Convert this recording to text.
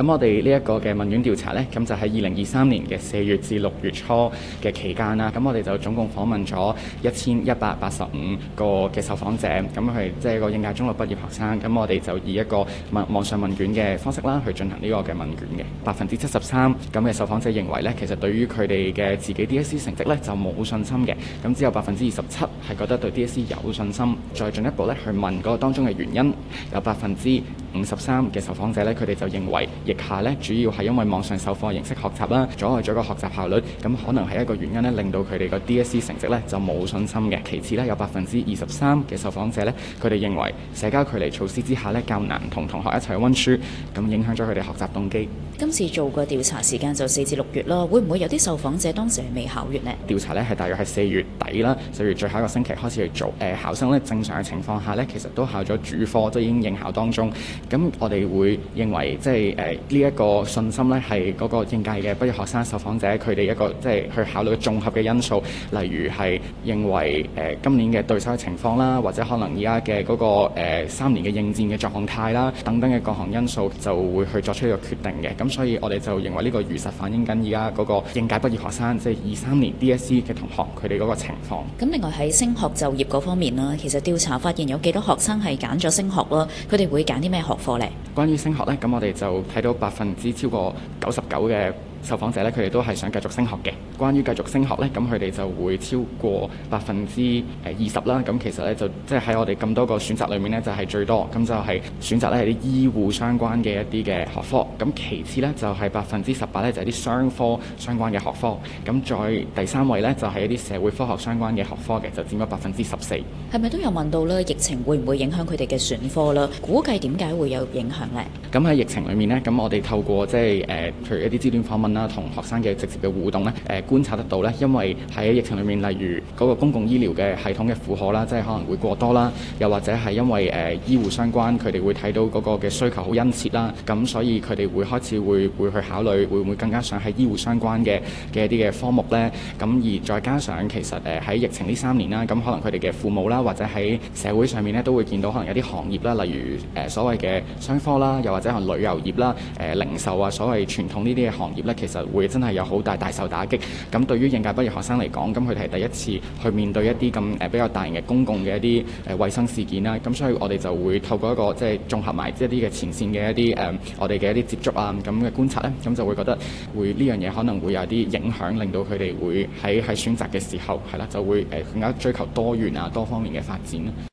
咁我哋呢一個嘅問卷調查呢，咁就喺二零二三年嘅四月至六月初嘅期間啦。咁我哋就總共訪問咗一千一百八十五個嘅受訪者，咁係即係個應屆中六畢業學生。咁我哋就以一個網網上問卷嘅方式啦，去進行呢個嘅問卷嘅。百分之七十三咁嘅受訪者認為呢，其實對於佢哋嘅自己 DSE 成績呢，就冇信心嘅。咁只有百分之二十七係覺得對 DSE 有信心。再進一步呢，去問嗰個當中嘅原因，有百分之五十三嘅受訪者呢，佢哋就認為疫下呢，主要係因為網上授課形式學習啦，阻礙咗個學習效率，咁可能係一個原因呢，令到佢哋個 DSE 成績呢就冇信心嘅。其次呢，有百分之二十三嘅受訪者呢，佢哋認為社交距離措施之下呢，較難同同學一齊温書，咁影響咗佢哋學習動機。今次做個調查時間就四至六月咯，會唔會有啲受訪者當時係未考完呢？調查呢係大約係四月底啦，四月最後一個星期開始去做。誒、呃，考生呢，正常嘅情況下呢，其實都考咗主科，都已經應考當中。咁我哋會認為，即係誒呢一個信心咧，係嗰個應屆嘅畢業學生受訪者佢哋一個即係、就是、去考慮嘅綜合嘅因素，例如係認為誒、呃、今年嘅對手嘅情況啦，或者可能而家嘅嗰個、呃、三年嘅應戰嘅狀態啦，等等嘅各項因素就會去作出一個決定嘅。咁所以我哋就認為呢個如實反映緊而家嗰個應屆畢業學生即係二三年 DSE 嘅同學佢哋嗰個情況。咁另外喺升學就業嗰方面啦，其實調查發現有幾多學生係揀咗升學啦，佢哋會揀啲咩？學科咧，關於升學咧，咁我哋就睇到百分之超過九十九嘅，受訪者咧，佢哋都係想繼續升學嘅。關於繼續升學咧，咁佢哋就會超過百分之誒二十啦。咁其實咧，就即係喺我哋咁多個選擇裏面呢，就係最多。咁就係選擇咧係啲醫護相關嘅一啲嘅學科。咁其次呢，就係百分之十八咧，就係啲商科相關嘅學科。咁再第三位呢，就係一啲社會科學相關嘅學科嘅，就佔咗百分之十四。係咪都有問到咧？疫情會唔會影響佢哋嘅選科啦？估計點解會有影響呢？咁喺疫情裏面呢，咁我哋透過即係誒，譬如一啲資料訪問。啦，同學生嘅直接嘅互動咧，誒、呃、觀察得到咧，因為喺疫情裏面，例如嗰、那個公共醫療嘅系統嘅負荷啦，即係可能會過多啦，又或者係因為誒、呃、醫護相關，佢哋會睇到嗰個嘅需求好殷切啦，咁所以佢哋會開始會會去考慮會唔會更加想喺醫護相關嘅嘅一啲嘅科目咧，咁而再加上其實誒喺、呃、疫情呢三年啦，咁、啊、可能佢哋嘅父母啦，或者喺社會上面咧都會見到可能有啲行業啦，例如誒、呃、所謂嘅商科啦，又或者係旅遊業啦，誒、呃、零售啊，所謂傳統呢啲嘅行業咧。其實會真係有好大大受打擊。咁對於應屆畢業學生嚟講，咁佢哋係第一次去面對一啲咁、呃、比較大型嘅公共嘅一啲誒、呃、衞生事件啦。咁所以我哋就會透過一個即係綜合埋一啲嘅前線嘅一啲誒、呃、我哋嘅一啲接觸啊，咁嘅觀察呢，咁就會覺得會呢樣嘢可能會有啲影響，令到佢哋會喺喺選擇嘅時候係啦，就會、呃、更加追求多元啊、多方面嘅發展。